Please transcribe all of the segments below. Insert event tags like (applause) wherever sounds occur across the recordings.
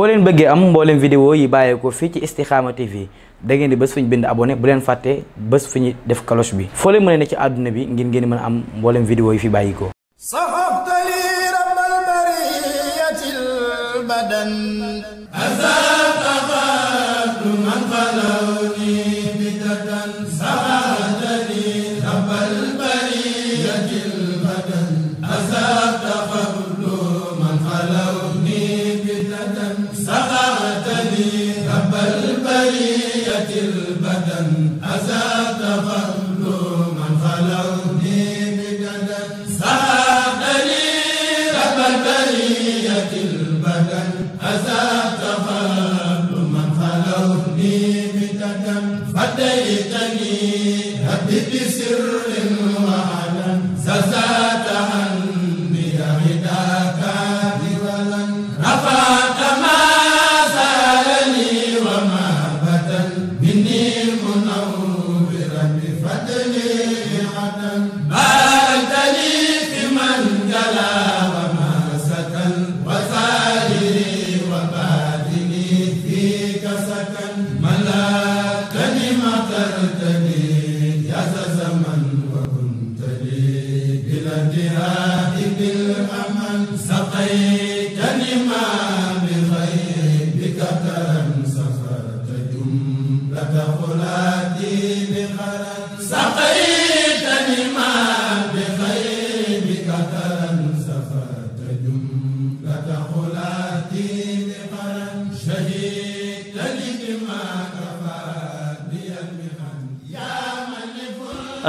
boo leen bëggee am mbooleem vidéo yi bàyyeekoo fii ci Istikhama TV da ngeen di bés fu ñu bind abonné bu leen fàttee bés fu ñu def cloche bi foo leen mën a ci àdduna bi ngir ngeen mën am mbooleem vidéo yi fi bàyyikoo saxaftali rabbal bariyatil badan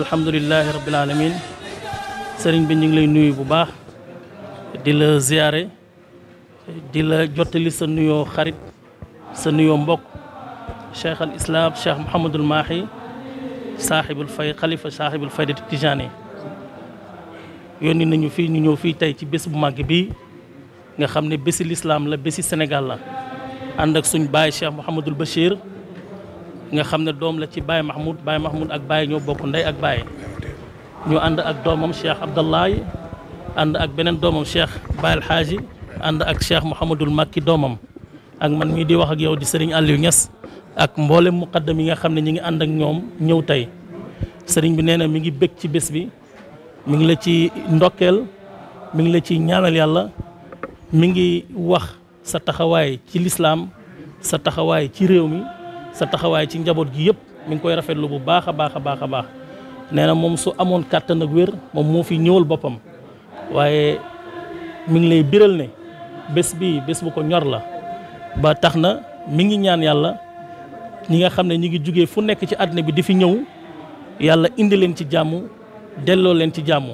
alhamdulilahi rabbil alamin sëriñ bi ñu ngi lay nuyu bu baax di la ziyaare di la jottali sa nuyoo xarit sa nuyoo mbokk cheikh al islam cheikh Mouhamadul Mahi saaxibul fay xalifa saaxibul faydati tijaani yónni nañu fii ñu ñëw fii tey ci bés bu màgg bi nga xam ne bési lislaam la bési Sénégal la ànd ak suñ baay cheikh Mouhamadul Bachir nga xam ne doom la ci baay Mahmoud baay Mahmoud ak baay ñoo bokk ndey ak baay ñu ànd ak doomam cheikh Abdallahi ànd ak beneen doomam cheikh Baay Alxaaji ànd ak cheikh Mouhamadul Makki doomam ak man mii di wax ak yow di Serigne Aliou Niass. ak mboolem muqaddam yi nga xam ne ñi ngi ànd ak ñoom ñëw tey sëriñ bi nee na mi ngi bég ci bés bi mu ngi la ci ndokkeel mi ngi la ci ñaanal yàlla mi ngi wax sa taxawaay ci lislaam sa taxawaay ci réew mi sa taxawaay ci njaboot gi yëpp mi ngi koy rafetlu bu baax a baax a baax a baax nee na moom su amoon kàttan ak wér moom moo fi ñëwal boppam waaye mi ngi lay biral ne bés bi bés bu ko ñor la ba tax na mi ngi ñaan yàlla ñi nga xam ne ñi ngi jugee fu nekk ci àddina bi di fi ñëw yàlla indi leen ci jàmm delloo leen ci jàmm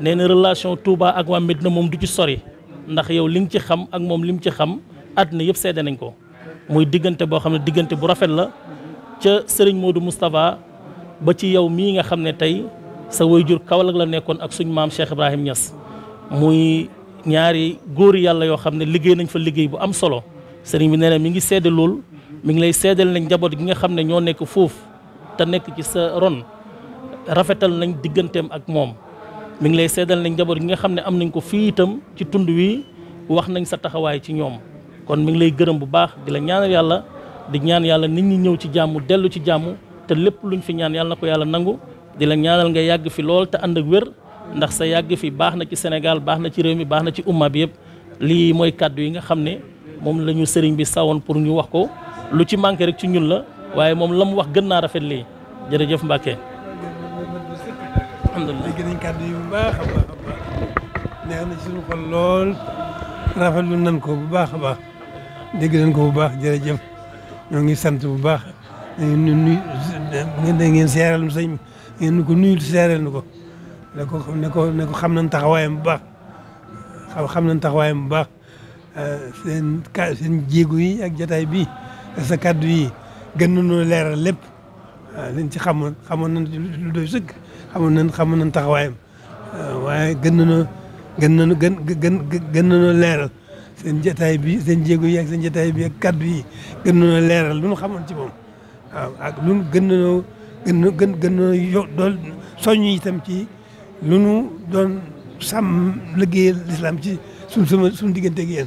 nee na relation Touba ak waa Medina moom du ci sori ndax yow li nga ci xam ak moom li mu ci xam àddina yëpp seede nañ ko muy diggante boo xam ne diggante bu rafet la ca Serigne Modou Moustapha ba ci yow mii nga xam ne tey sa wayjur Kaolack la nekkoon ak suñu maam Cheikh Ibrahim Niass muy ñaari góor yàlla yoo xam ne liggéey nañ fa liggéey bu am solo Serigne mi ngi lay seedal nañ njaboot gi nga xam ne ñoo nekk foofu te nekk ci sa ron rafetal nañ digganteem ak moom mu ngi lay seddal nañ njaboot gi nga xam ne am nañ ko fii itam ci tund wi wax nañ sa taxawaay ci ñoom kon mu ngi lay gërëm bu baax di la ñaanal yàlla di ñaan yàlla nit ñi ñëw ci jàmm dellu ci jàmm te lépp luñ fi ñaan yàlla na ko yàlla nangu di la ñaanal nga yàgg fi lool te ànd ak wér ndax sa yàgg fi baax na ci Sénégal baax na ci réew mi baax na ci umma bi kàddu yi nga xam ne moom lañu sëriñ bi sawoon pour ñu wax ko lu ci manqué rek ci ñun la waaye moom la mu wax gën naa rafet lii jërëjëf Mbacke. alhamdulilah dégg nañ kàddu yi bu baax a baax a nañ ko bu baax a baax dégg nañ ko bu baax jërëjëf ñoo ngi sant bu baax ñu ngeen seeral nu sëñ ngeen nu ko nuyul seeral nu ko ne ko ne ko xam nañ taxawaayam bu baax xam nañ taxawaayam bu baax. seen ka seen jéego yi ak jataay bi sa kàddu yi gën nañoo leeral lépp waaw liñ ci xamoon xamoon nañ lu doy sëkk nañ xamoon nañ taxawaayam waaye gën nañoo gën nañu gën gën gën leeral seen jataay bi seen jéego yi ak jataay bi ak kàddu yi gën nañoo leeral lu ñu xamoon ci moom waaw ak lu ñu gën nañoo gën na gën gën dool soññ itam ci lu ñu doon sam liggéeyal lislaam ci suñ sama suñ digganteeg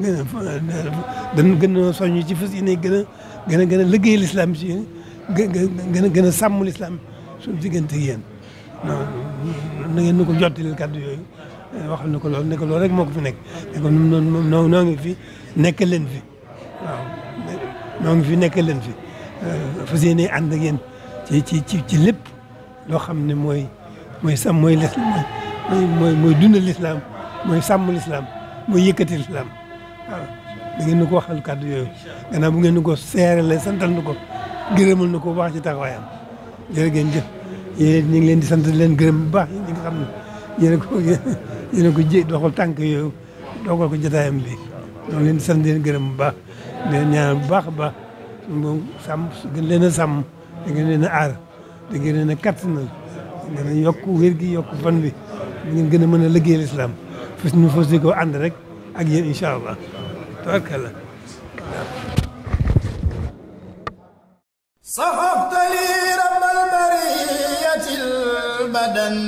gën a gën a ci fas gën a gën gën a liggéey lislaam ci yéen gën a gën a sàmm lislaam suñu diggante yéen na ngeen nu ko jottalil kàddu yooyu eh, waxal na ko loolu ne ko loolu rek moo ko fi nekk ne ko noo noo ngi fi nekk leen fi waaw fi nekk leen fi eh, fas yéene ànd ci ci ci lépp loo xam ne mooy mooy sàmm mooy lislaam mooy mooy dundal mooy sàmm lislaam waaw da ngeen ni ko waxal kàddu yooyu gannaaw bu ngeen ni ko seerale santal ni ko gërëmal ni ko wax ci taxawaayam jërë ngeen jëf yéen ñu ngi leen di sant leen gërëm bu baax ñi nga xam ne yéen a (laughs) doxal tànk yooyu dogal ko jotaayam bi ñoo leen di sant leen gërëm bu baax leen ñaanal bu baax a baax moom sàmm gën leen a sàmm da ngeen leen a aar da ngeen leen a kattanal da ngeen yokk wér gi yokk fan bi da ngeen gën a mën a liggéeyal islam fas ñu fas ko ànd rek ak yéen incha allah tubarkalla صحبت لي رب البرية البدن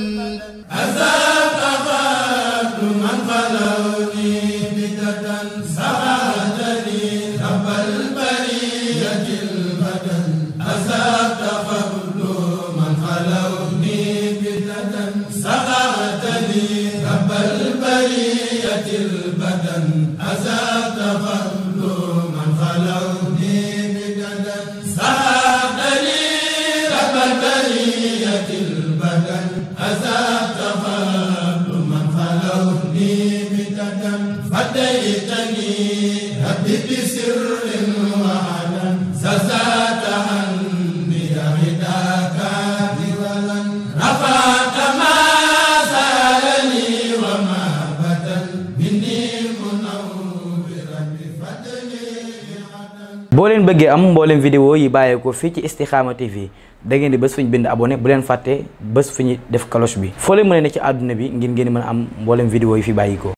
boo leen bëggee am mbooleem vidéo yi bàyyeekoo fii ci Istikhama TV da di bés fu ñu bind abonné bu leen fàtte bés fu ñu def cloche bi foo leen mën ne ci àdduna bi ngir ngeen mën a am mbooleem vidéo yi fi bàyyikoo